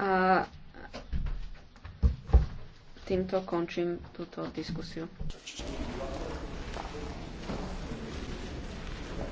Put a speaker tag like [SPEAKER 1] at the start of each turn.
[SPEAKER 1] A týmto končím túto diskusiu.